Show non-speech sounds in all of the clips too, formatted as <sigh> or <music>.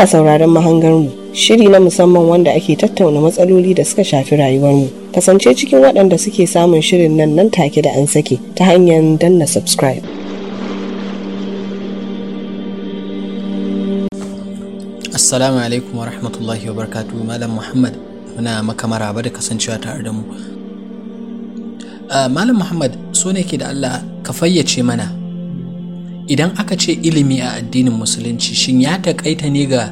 Kuna sauraron mahangarmu, shiri na musamman wanda ake tattauna matsaloli da suka shafi rayuwarmu. Kasance cikin waɗanda suke samun shirin nan nan take da an sake ta hanyar danna subscribe. Assalamu alaikum wa rahmatullahi wa barkatu Malam Muhammad muna makamara ba da kasancewa tare da mu. Ah, Malam Muhammad so ne ke da Allah ka fayyace mana idan aka ce ilimi a addinin musulunci shin ya taƙaita ne ga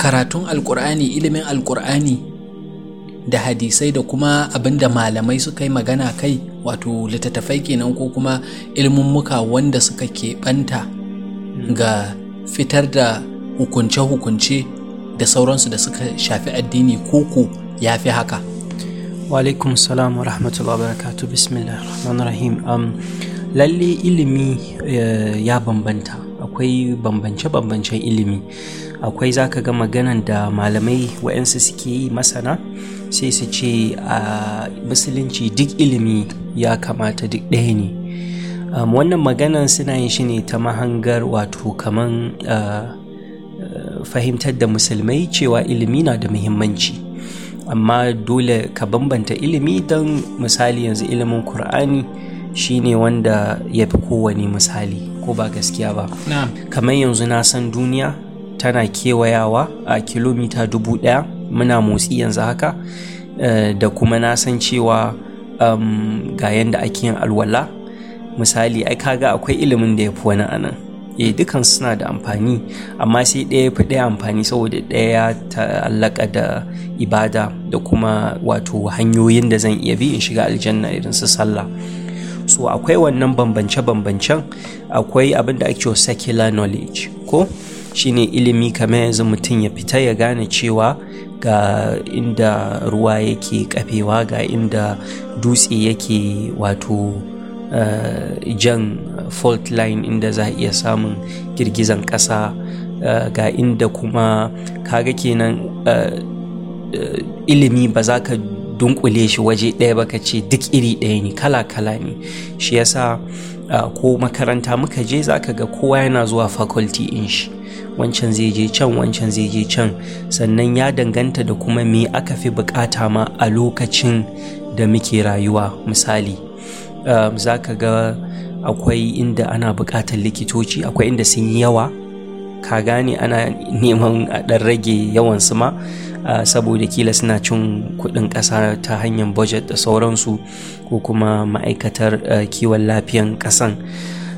karatun alkur'ani ilimin alkur'ani da hadisai da kuma abinda malamai suka yi magana kai wato littattafai kenan ko kuma ilmummuka wanda suka keɓanta ga fitar da hukunce-hukunce da sauransu da suka shafi addini koko ya fi haka. wa alaikum salam wa rahmatullahi wa barakatuh bismillah rahman rahim um, lalle ilimi eh, ya bambanta akwai bambance-bambancen ilimi akwai zaka ga maganan da malamai wa'yansu suke yi masana sai su ce a musulunci duk ilimi ya kamata duk ɗaya ne um, wannan maganan suna yin shi ne ta mahangar wato kaman eh, eh, fahimtar da musulmai cewa ilimi na da muhimmanci amma dole ka bambanta ilimi don misali yanzu ilimin kur'ani shine wanda ya fi kowane misali ko ba gaskiya ba kamar yanzu na san duniya tana kewayawa a kilomita dubu daya. muna motsi yanzu haka eh, da kuma na san cewa um, ga yanda ake yin alwala misali ai kaga akwai ilimin da ya fi wani anan e eh, dukan suna da amfani amma sai ɗaya ya fi ɗaya amfani saboda ɗaya ya ta'allaka da ibada da kuma wato hanyoyin da zan iya bi in shiga aljanna irin su sallah so akwai wannan bambance-bambancen akwai abin da ake secular knowledge ko shine ilimi kamar yanzu mutum ya fita ya gane cewa ga inda ruwa yake kafewa ga inda dutse yake wato Uh, jan fault line inda za a iya samun girgizan ƙasa uh, ga inda kuma kaga kenan uh, ilimi ba za ka dunkule shi waje ɗaya ba ce duk iri ɗaya ne kala-kala ne shi yasa ko makaranta muka je za ka ga kowa yana zuwa faculty in shi wancan zai je can wancan zai je can sannan ya danganta da kuma me aka fi bukata ma a lokacin da muke rayuwa misali za ka ga akwai inda ana bukatar likitoci akwai inda sun yi yawa ka gane ana neman a ɗan rage yawan su ma Ah, saboda kila suna cin kuɗin ƙasa ta hanyar budget da sauransu ko kuma ma'aikatar ah, kiwon lafiyan ƙasan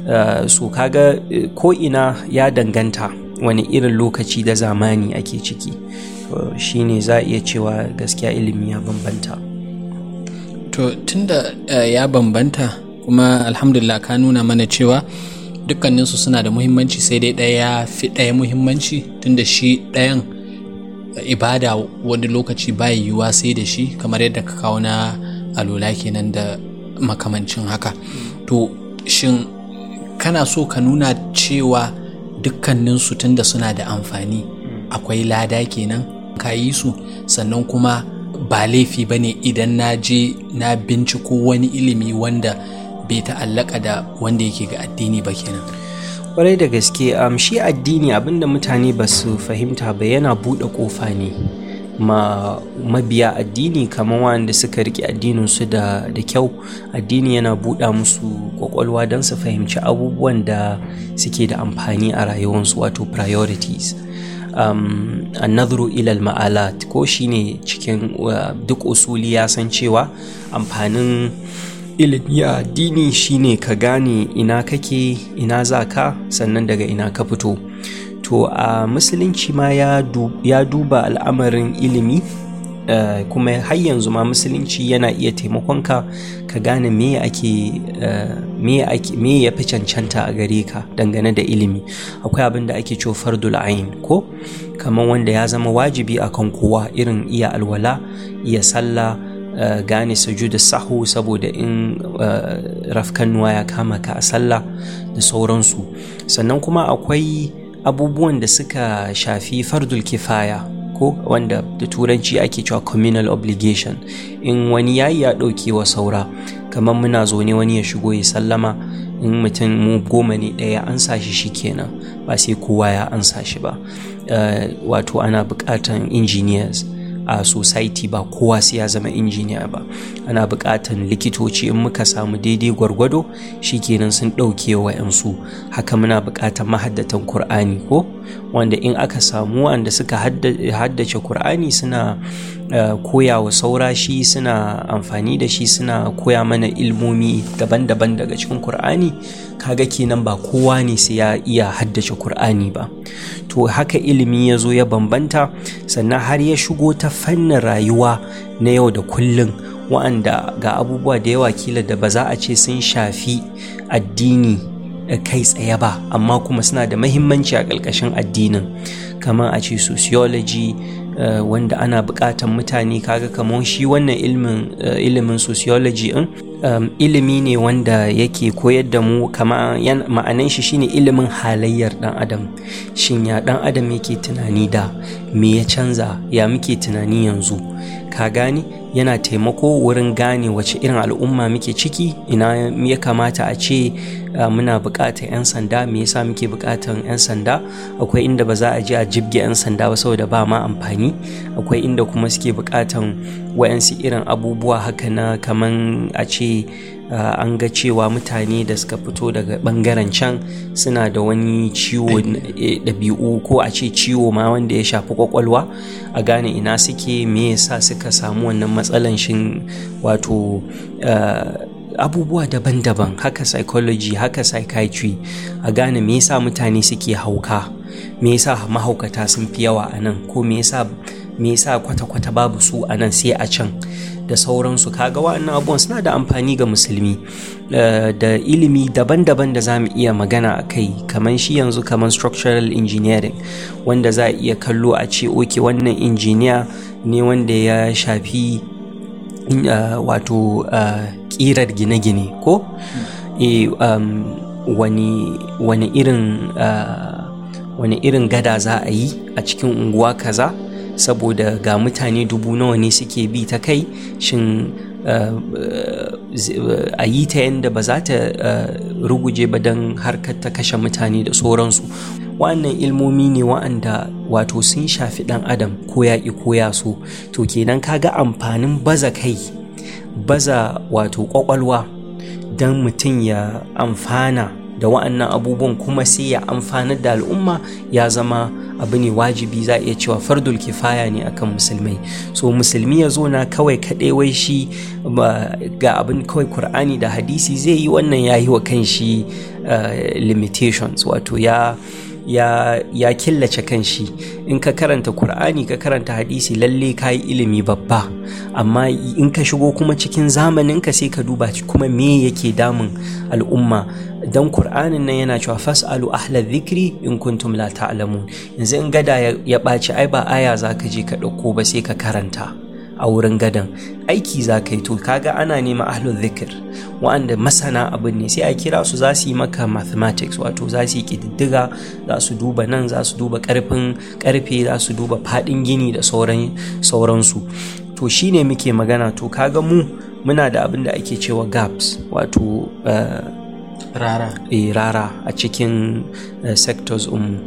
ah, su kaga eh, ko ina ya danganta wani irin lokaci da zamani ake ciki shine za a iya cewa gaskiya ilimi ya bambanta to tunda eh, ya bambanta kuma alhamdulillah ka nuna mana cewa dukkaninsu suna da muhimmanci sai dai ɗaya ya fi ɗaya muhimmanci tunda shi ɗayan ibada wani lokaci baya yiwuwa sai da shi kamar yadda ka kawo na alola kenan da makamancin haka to shin kana so ka nuna cewa dukkaninsu tunda suna da amfani akwai lada kenan ka yi su sannan kuma ba laifi ba ne idan na je na binciko wani ilimi wanda bai ta'allaka da wanda yake ga addini ba kenan kwarai da gaske shi addini abinda mutane ba su fahimta ba yana buɗe ƙofa ne ma mabiya addini kamar wanda suka riƙe addininsu da, da kyau addini yana buɗa musu ƙwaƙwalwa don su fahimci abubuwan da suke da amfani a rayuwarsu wato priorities um, annadhuru ilal ma'alat ko shine cikin duk usuli ya san cewa amfanin ilimi a addini shine ka gane ina kake ina za ka sannan daga ina ka fito to a musulunci ma ya duba al'amarin ilimi Uh, kuma har yanzu ma musulunci yana iya taimakonka ka gane eh, me ya fi cancanta a gare ka dangane da ilimi akwai abin da ake cofar fardul ko kamar wanda ya zama wajibi akan kowa irin iya alwala iya sallah Eh, gane sujuda sahu saboda in eh, nuwa ya kama ka a sallah da sauransu sannan kuma akwai abubuwan da suka shafi fardul kifaya ko wanda da turanci ake cewa communal obligation in wani yayi ya ɗauke wa saura kamar muna zaune wani ya shigo ya sallama in mutum mu goma ne ɗaya an sa shi kenan ba sai kowa ya ansa shi ba eh, wato ana buƙatan engineers a society ba kowa sai ya zama injiniya ba ana buƙatan likitoci in muka samu daidai gwargwado shikenan sun ɗauke wa 'yansu haka muna buƙatan mahaddatan kur'ani ko wanda in aka samu wanda suka haddace Kur'ani suna eh, koya wa saura shi suna amfani da shi suna koya mana ilmomi daban-daban daga cikin Kur'ani kaga kenan ba kowa ne sai ya iya haddace Kur'ani ba to haka ilimi ya zo ya bambanta sannan har ya shigo ta fannin rayuwa na yau da kullum wa'anda ga abubuwa da yawa kila da ba za a ce sun shafi addini kai tsaye ba amma kuma suna da mahimmanci a ƙarƙashin addinin kamar a ce sociology eh, wanda ana buƙatar mutane kaga kamar shi wannan eh, ilimin sociology ɗin um, ilimi ne wanda yake koyar da mu kama ma'anan shi shine ilimin halayyar dan adam shin ya dan adam yake tunani da me ya canza ya muke tunani yanzu ka gani yana taimako wurin gane wace irin al'umma muke ciki ina ya kamata a ce uh, muna bukatar 'yan sanda me yasa muke bukatar 'yan sanda akwai inda ba za a je a jibge 'yan sanda ba saboda ba ma amfani akwai inda kuma suke bukatar wa'yansu irin abubuwa haka na kaman a ce an ga cewa mutane da suka fito daga bangaren can suna da wani ciwo eh. e, ɗabi'u ko a ce ciwo ma wanda ya shafi kwakwalwa a gane ina suke me yasa suka samu wannan matsalan shin wato abubuwa daban-daban haka psychology haka psychiatry a gane me yasa mutane suke hauka me yasa mahaukata sun fi yawa a nan ko me yasa me yasa kwata-kwata babu su a nan sai a can da sauransu kaga wa'annan abubuwan suna da amfani ga musulmi eh, da ilimi daban-daban da za mu iya magana a kai kamar shi yanzu kamar structural engineering wanda za a iya kallo a ce oke wannan injiniya ne wanda ya shafi eh, wato eh, ƙirar gine-gine ko um, wani irin gada za a yi a cikin unguwa kaza saboda ga mutane dubu nawa ne suke bi ta kai shin eh, eh, a yi ta yadda ba za ta eh, ruguje ba don harkar ta kashe mutane da sauransu Wannan ilmomi ne wa'anda wato sun shafi ɗan adam ko ya ko ya so to kenan ka ga amfanin baza kai baza wato ƙwaƙwalwa don mutum ya amfana da wa'annan abubuwan kuma sai ya amfanar da al'umma ya zama abu ne wajibi za a iya cewa fardul kifaya ne akan musulmai so musulmi ya zo na kawai kaɗai wai shi ga abin kawai kur'ani da hadisi zai yi wannan ya yi wa kan shi eh, limitations wato ya ya, ya killace kanshi in ka karanta kur'ani ka karanta hadisi lalle ka yi ilimi babba amma in ka shigo kuma cikin zamaninka sai ka duba kuma me yake damun al'umma dan Qur'anin nan yana cewa fasalu ahla dhikri in kuntum la ta'lamun yanzu in gada ya ɓaci ai ba aya zaka je ka ɗauko ba sai ka karanta a wurin gadan aiki za ka yi to kaga ana nema ahlul zikir wa'anda masana abin ne sai a kira su za su yi maka mathematics wato za su yi kididdiga za su duba nan za su duba karfin karfe za su duba fadin gini da sauran sauransu to shine muke magana to kaga mu muna da abin da ake cewa gaps wato uh, rara e, rara a cikin uh, sectors um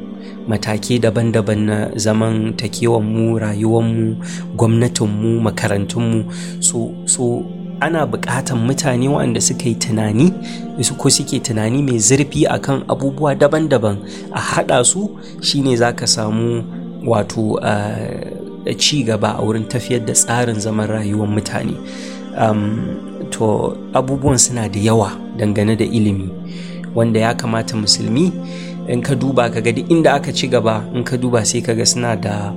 mataki daban-daban na zaman takewanmu rayuwanmu gwamnatinmu makarantunmu so, so ana buƙatar mutane waɗanda suka yi tunani ko suke tunani mai zurfi akan abubuwa daban-daban a haɗa su shine za ka samu wato uh, ci gaba a wurin tafiyar da tsarin zaman rayuwar mutane um, to abubuwan suna da yawa dangane da ilimi wanda ya kamata musulmi in ka duba ka gadi inda aka ci gaba in ka duba sai ka ga suna da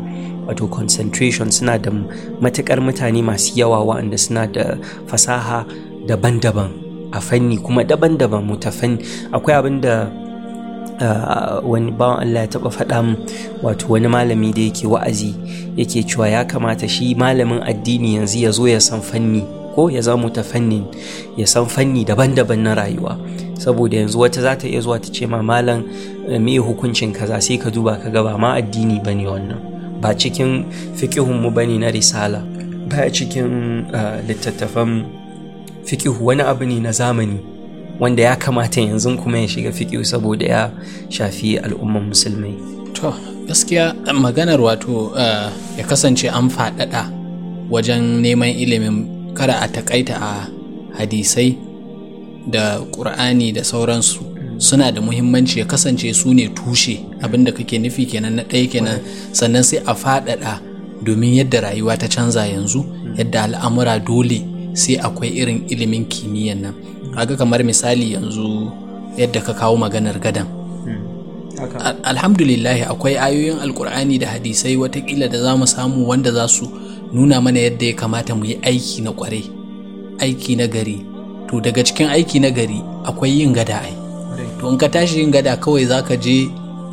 wato concentration suna da matukar mutane masu yawa waɗanda suna da fasaha daban-daban a fanni kuma daban-daban mutafan akwai abin da ah, wani bawan Allah ya taɓa faɗa mu wato wani malami da yake wa'azi yake cewa ya kamata shi malamin addini yanzu ya zo ya san fanni ko ya zama fannin ya san fanni daban-daban na rayuwa saboda yanzu wata za ta iya zuwa ta ce ma malam me hukuncin kaza sai ka duba ka ga ba ma addini ba ne wannan ba cikin fiqihun mu bane na risala ba cikin littattafan fikihu wani abu ne na zamani wanda ya kamata yanzu kuma ya shiga fiƙihu saboda ya shafi al'umman musulmai to gaskiya maganar wato ya kasance an faɗaɗa wajen neman ilimin kada a takaita a hadisai da ƙur'ani da sauransu suna da muhimmanci ya kasance su ne tushe abinda kake nufi kenan na ɗaya kenan sannan sai a faɗaɗa domin yadda rayuwa ta canza yanzu yadda al'amura dole sai akwai irin ilimin kimiyyan nan kaga kamar misali yanzu yadda ka kawo maganar gadan alhamdulillahi akwai ayoyin alkur'ani da hadisai watakila da za mu samu wanda za su nuna mana yadda ya kamata mu yi aiki na kwarai aiki na gari to daga cikin aiki na gari akwai yin gada ai to in ka tashi yin gada kawai za ka je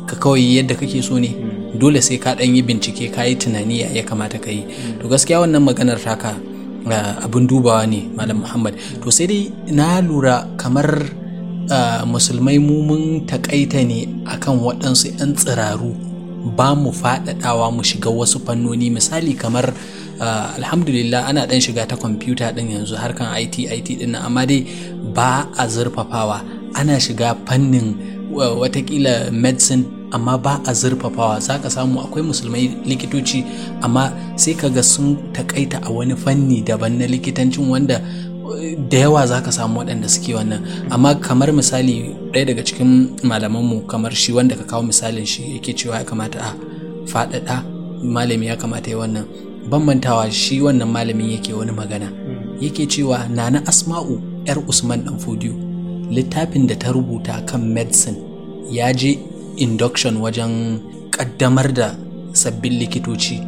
ka kawai yadda kake so ne hmm. dole sai ka ɗan yi bincike ka yi tunani ya kamata ka yi hmm. to gaskiya wannan maganar taka ah, abin dubawa ne malam muhammad to sai dai na lura kamar ah, musulmai mu mun takaita ne akan waɗansu 'yan tsiraru ba mu faɗaɗawa mu shiga wasu fannoni misali kamar Ah, alhamdulillah ana dan shiga ta kwamfuta din yanzu harkan IT IT din amma dai ba a zurfafawa ana shiga fannin watakila medicine amma ba a zurfafawa za ka samu akwai musulmai likitoci amma sai ka ga sun takaita a wani fanni daban na likitancin wanda eh, da yawa za ka samu waɗanda suke wannan amma kamar misali ɗaya daga cikin malamanmu kamar shi wanda ka kawo misalin shi yake cewa ya kamata a faɗaɗa malami ya kamata ya wannan bambantawa shi wannan malamin yake wani magana mm. yake cewa nana asma'u yar usman dan fodiyo littafin da ta rubuta kan medicine ya je induction wajen kaddamar da sabbin likitoci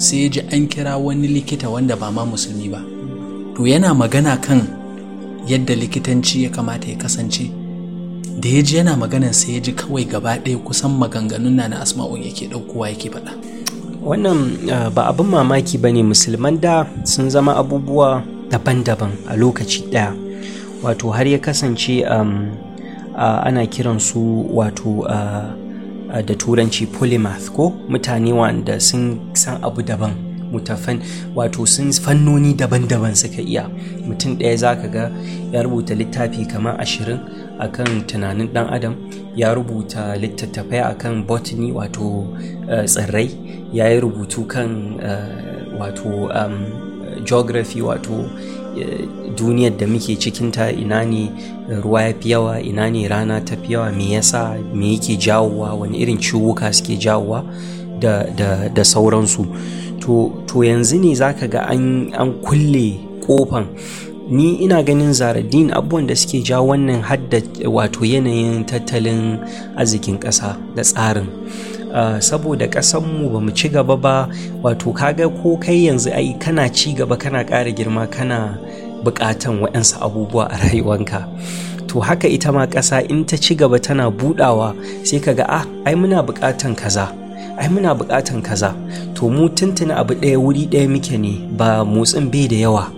sai ji an kira wani likita wanda ba ma musulmi ba to yana magana kan yadda likitanci ya kamata ya kasance da ya ji yana magana sai ya ji kawai gaba ɗaya kusan maganganun na na asma'u yake ɗaukowa yake faɗa wannan ah, ba abin mamaki ba ne musulman da sun zama abubuwa daban-daban a lokaci ɗaya wato har ya kasance um, ana kiransu wato da turanci polymath ko mutane wanda sun san abu daban mutafan wato sun fannoni daban-daban suka iya mutum ɗaya za ka ga ya rubuta littafi kamar ashirin akan tunanin ɗan adam ya rubuta littattafai akan botany wato eh, tsirrai ya yi rubutu kan eh, wato um, geography wato eh, duniyar da muke cikinta ina ne ruwa ya fi yawa ina ne rana ta fi yawa me yasa me yake jawowa wani irin ciwuka suke jawowa da, da, da sauransu to, to yanzu ne za ka ga an, kulle kofan ni ina ganin zaradin abubuwan da suke ja wannan hadda wato yanayin tattalin arzikin ƙasa da tsarin Uh, saboda ƙasanmu ba mu ci gaba ba wato kaga ko kai yanzu ai kana ci gaba kana ƙara girma kana buƙatan waɗansu abubuwa a rayuwanka to haka ita ma ƙasa in ta ci gaba tana buɗawa sai ka ga ah ai muna buƙatan kaza ai muna buƙatan kaza to mu tuntuna abu ɗaya wuri ɗaya muke ne ba motsin bai da yawa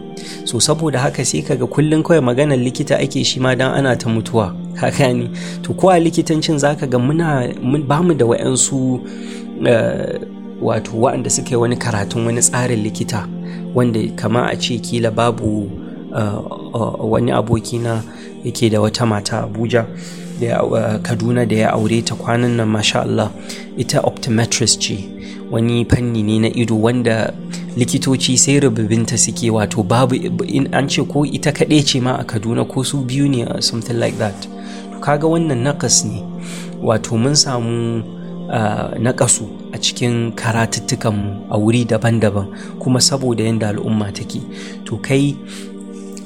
so saboda haka sai kaga kullum kawai maganar likita ake shi ma dan ana ta mutuwa haka <laughs> ne to kowa likitancin zaka ga muna ba mu da wayansu eh, wato wa'anda suka yi wani karatun wani tsarin likita wanda kama a ce kila babu eh, eh, wani abokina yake da wata mata abuja da uh, kaduna da ya aure ta kwanan nan masha Allah ita optometrist ce wani fanni ne na ido wanda likitoci sai rububinta suke wato babu in an ce ko ita kaɗai ce ma a kaduna ko su biyu ne uh, something like that kaga wannan nakas ne wato mun samu uh, nakasu a cikin karatuttukanmu a wuri daban-daban kuma saboda yadda al'umma take to kai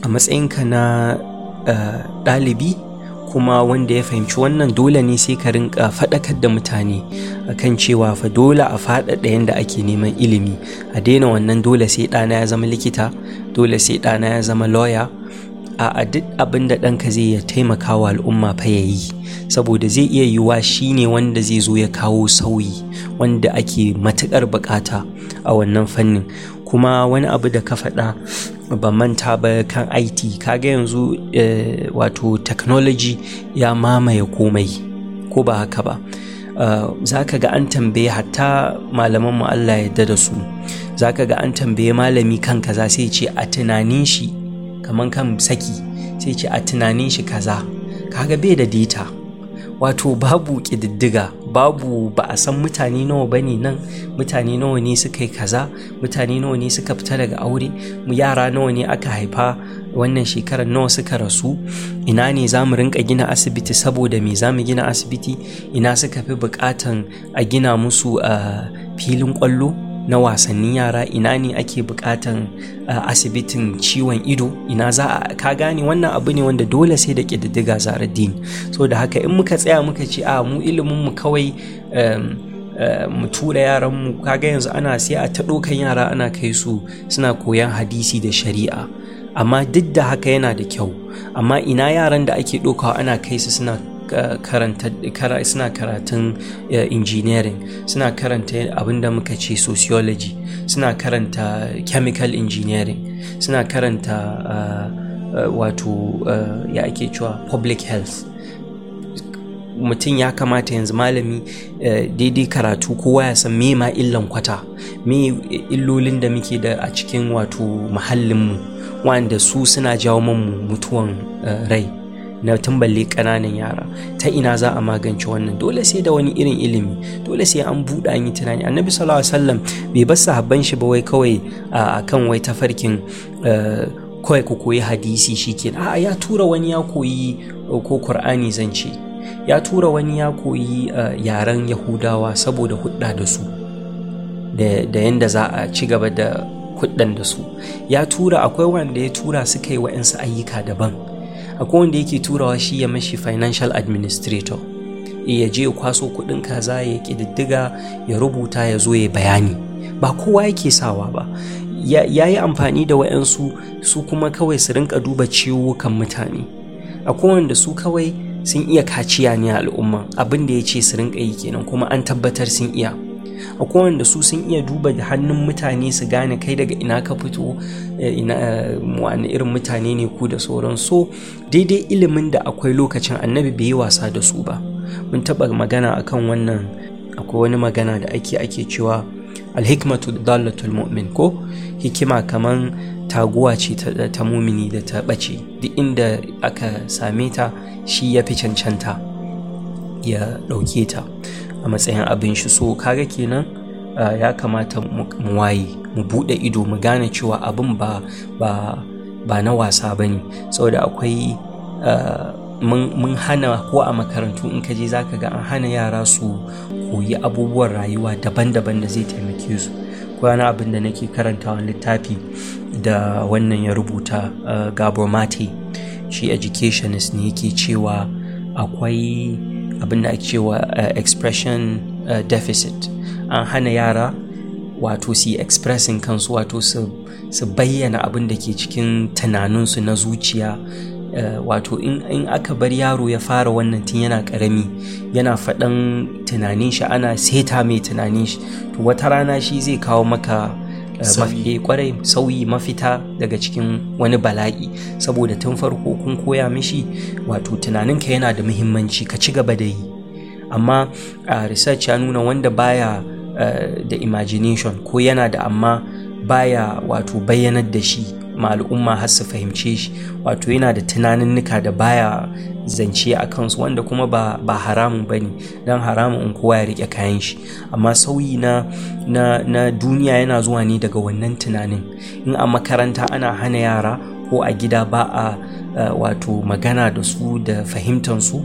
a matsayinka na ɗalibi kuma wanda ya fahimci wannan dole ne sai ka rinka faɗakar da mutane akan cewa fa dole a faɗaɗa yadda ake neman ilimi a daina wannan dole sai ɗana ya zama likita dole sai ɗana ya zama lawyer a duk abin da ɗanka zai ya taimaka wa al'umma fa ya yi saboda zai iya yiwuwa shine wanda zai zo ya kawo sauyi wanda ake matuƙar bukata a wannan fannin kuma wani abu da ka faɗa ban manta ba kan IT kaga yanzu eh, wato technology ya mamaye komai ko ba haka ba zaka eh, za ka ga an tambaye hatta malaman mu Allah ya da su za ka ga an tambaye malami kan kaza sai ce a tunanin shi kaman kan saki sai ce a tunanin shi kaza kaga bai da data wato babu ƙididdiga babu ba a san mutane nawa bane nan mutane nawa ne suka yi kaza mutane nawa ne suka fita daga aure yara nawa ne aka haifa wannan shekarar nawa suka rasu ina ne za mu rinka gina asibiti saboda me za mu gina asibiti ina suka fi bukatan a gina musu a ah, filin kwallo na wasannin yara ina ne ake bukatan ah, asibitin ciwon ido ina za a ka gane wannan abu ne wanda dole sai da ƙididdiga zarar din so da haka in muka tsaya muka ce a ah, mu ilimin mu kawai ehm, eh, mu tura yaran mu kaga yanzu ana sai a ta dokan yara ana kai su suna koyan hadisi da shari'a amma duk da haka yana da kyau amma ina yaran da ake dokawa ana kai su suna karanta suna karatun eh, engineering suna karanta abin da muka ce sociology suna karanta chemical engineering suna karanta eh, eh, wato ya ake cewa public health mutum ya kamata yanzu malami daidai karatu kowa ya san me ma illan kwata me illolin da muke da a cikin wato muhallinmu wanda su suna jawo mu mutuwan rai na tamballe kananan yara ta ina za a magance wannan dole sai da wani irin ilimi dole sai an buɗe an yi tunani annabi sallallahu alaihi wasallam bai bar sahabban shi ba wai kawai akan wai tafarkin eh, kawai ku koyi hadisi shi shikenan a'a ya tura wani ya koyi eh, ko qur'ani zance ya tura wani ya koyi eh, yaren yahudawa saboda hudda da su da yanda za a ci gaba da kuɗɗan da su ya tura akwai wanda ya tura suka yi wa'insu ayyuka daban akwai wanda yake turawa shi ya mashi financial administrator eh, ya je ya kwaso kuɗin kaza ya kididdiga ya rubuta ya zo ya bayani ba kowa yake sawa ba ya yi amfani da wa'yansu su kuma kawai su rinka duba ciwo kan mutane akwai wanda su kawai sun iya kaciya ne a al'umma abinda ya ce su rinka yi kenan kuma an tabbatar sun iya akwai wanda su sun iya duba da hannun mutane su gane kai daga ina ka fito eh, eh, wani irin mutane ne ku da sauran so daidai ilimin da akwai lokacin annabi bai yi wasa da su ba mun taɓa magana akan wannan akwai wani magana da ake ake cewa alhikmatu dallatul mu'min ko hikima kaman taguwa ce ta mumini da ta ɓace duk inda aka same ta shi ya fi cancanta ya ɗauke ta a matsayin abin shi so kaga kenan ya kamata mu waye mu buɗe ido mu gane cewa abin ba ba ba na wasa ba ne saboda akwai mun hana ko a makarantu in ka je za ka ga an hana yara su koyi abubuwan rayuwa daban-daban da zai taimake su na abin da nake karantawa littafi da wannan ya rubuta gabor mate shi educationist ne yake cewa akwai abin da ake cewa eh, expression eh, deficit an hana yara wato su yi expressing kansu wato su bayyana abin da ke cikin tunaninsu na zuciya eh, wato in aka bar yaro ya fara wannan tun yana karami yana faɗan tunanin shi ana seta mai tunanin shi to wata rana shi zai kawo maka Eh, mafi kwarai sauyi mafita daga cikin wani bala'i saboda tun farko kun koya mishi wato tunaninka yana da muhimmanci ka ci gaba da yi amma a research ya nuna wanda baya eh, da imagination ko yana da amma baya wato bayyanar da shi ma al'umma har su fahimce shi wato yana da tunaninnika da baya zance a kansu wanda kuma ba, ba haramun ba ne don haramun in kowa ya riƙe kayan shi amma sauyi na, na, na duniya yana zuwa ne daga wannan tunanin in a makaranta ana hana yara ko a gida ba a uh, wato magana da su da fahimtansu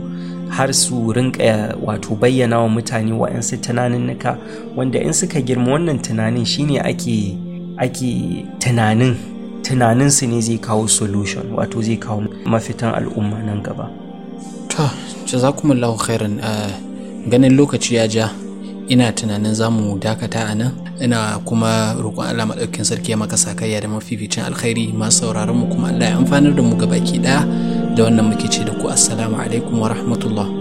har su rinka wato bayyana wa mutane wa'yansu tunaninnika wanda in suka girma wannan tunanin shine ake ake tunanin tunaninsu ne zai kawo solution wato zai kawo mafitan al'umma nan gaba za kuma jazakumullahu khairan eh, ganin lokaci ya ja ina tunanin za mu dakata a nan ina kuma roƙon Allah maɗaukin sarki ya maka sakayya da mafificin alkhairi masu sauraron mu kuma Allah ya amfanar da mu gabaki ɗaya da wannan muke ce da ku assalamu alaikum wa rahmatullah